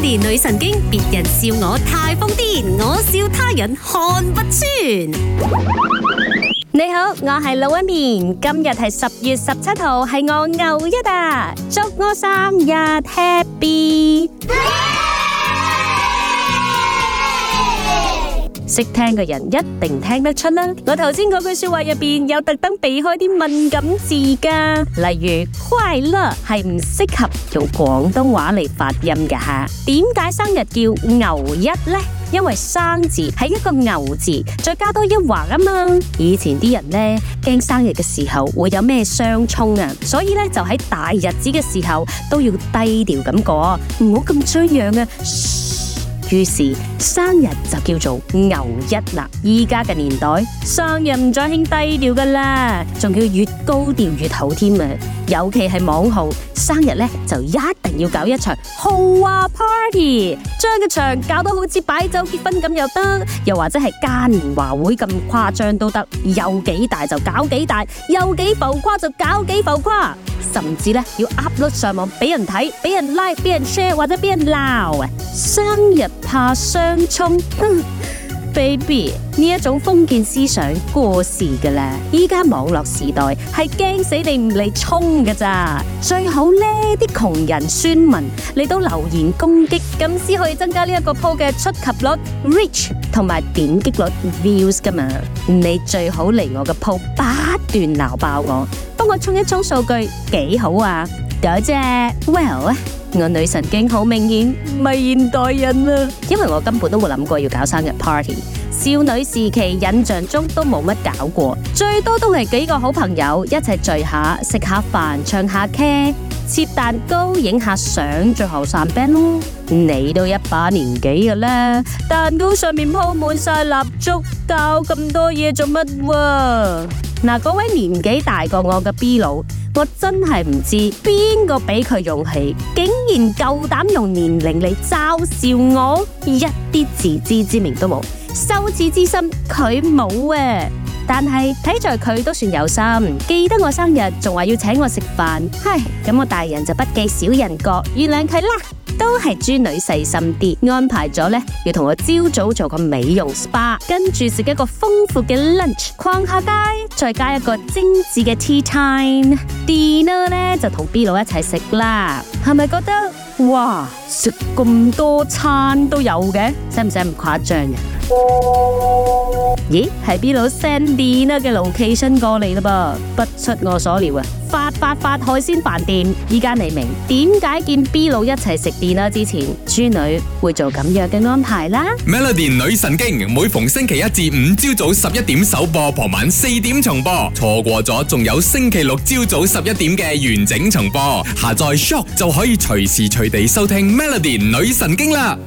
年女神經，別人笑我太瘋癲，我笑他人看不穿。你好，我係龍紋敏，今日係十月十七號，係我牛一啊！祝我生日 Happy！Yeah! 識聽嘅人一定聽得出啦！我頭先嗰句說話入邊有特登避開啲敏感字噶，例如快樂係唔適合用廣東話嚟發音噶吓。點解生日叫牛一呢？因為生字係一個牛字再加多一橫啊嘛。以前啲人呢，驚生日嘅時候會有咩相沖啊，所以咧就喺大日子嘅時候都要低調咁過，唔好咁張揚啊。於是生日就叫做牛一啦！依家嘅年代，生日唔再興低調噶啦，仲要越高調越好添。尤其係網紅生日咧，就一定要搞一場豪華 party，將個場搞到好似擺酒結婚咁又得，又或者係嘉年華會咁誇張都得，有幾大就搞幾大，有幾浮誇就搞幾浮誇。甚至咧要 upload 上網俾人睇，俾人 like，俾人 share，或者俾人鬧啊！生日怕相沖。baby 呢一種封建思想過時噶啦，依家網絡時代係驚死你唔嚟沖噶咋，最好呢啲窮人村民你都留言攻擊，咁先可以增加呢一個鋪嘅出及率 reach 同埋點擊率 views 噶嘛，你最好嚟我嘅鋪不斷鬧爆我，幫我沖一沖數據幾好啊，多謝，well。我女神經好明顯，唔係現代人啊，因為我根本都冇諗過要搞生日 party，少女時期印象中都冇乜搞過，最多都係幾個好朋友一齊聚下，食下飯，唱下 K，切蛋糕，影下相，最後散 band 咯。你都一把年紀嘅啦，蛋糕上面鋪滿晒蠟燭，搞咁多嘢做乜？嗱，各位年紀大過我嘅 B 佬。我真係唔知邊個俾佢勇氣，竟然夠膽用年齡嚟嘲笑我，一啲自知之明都冇，羞恥之心佢冇啊！但係睇在佢都算有心，記得我生日，仲話要請我食飯。唉，咁我大人就不計小人過，原諒佢啦。都係豬女細心啲，安排咗咧，要同我朝早做個美容 spa，跟住食一個豐富嘅 lunch，逛下街，再加一個精緻嘅 tea time。dinner 咧就同 B 佬一齊食啦。係咪覺得哇，食咁多餐都有嘅，使唔使咁誇張嘅？咦，係 B 佬 send dinner 嘅 location 過嚟啦噃，不出我所料啊！發發發海鮮飯店，依家你明點解見 B 佬一齊食 dinner 之前，豬女會做咁樣嘅安排啦？Melody 女神經，每逢星期一至五朝早十一點首播，傍晚四點重播，錯過咗仲有星期六朝早十一點嘅完整重播，下載 Shock 就可以隨時隨地收聽 Melody 女神經啦。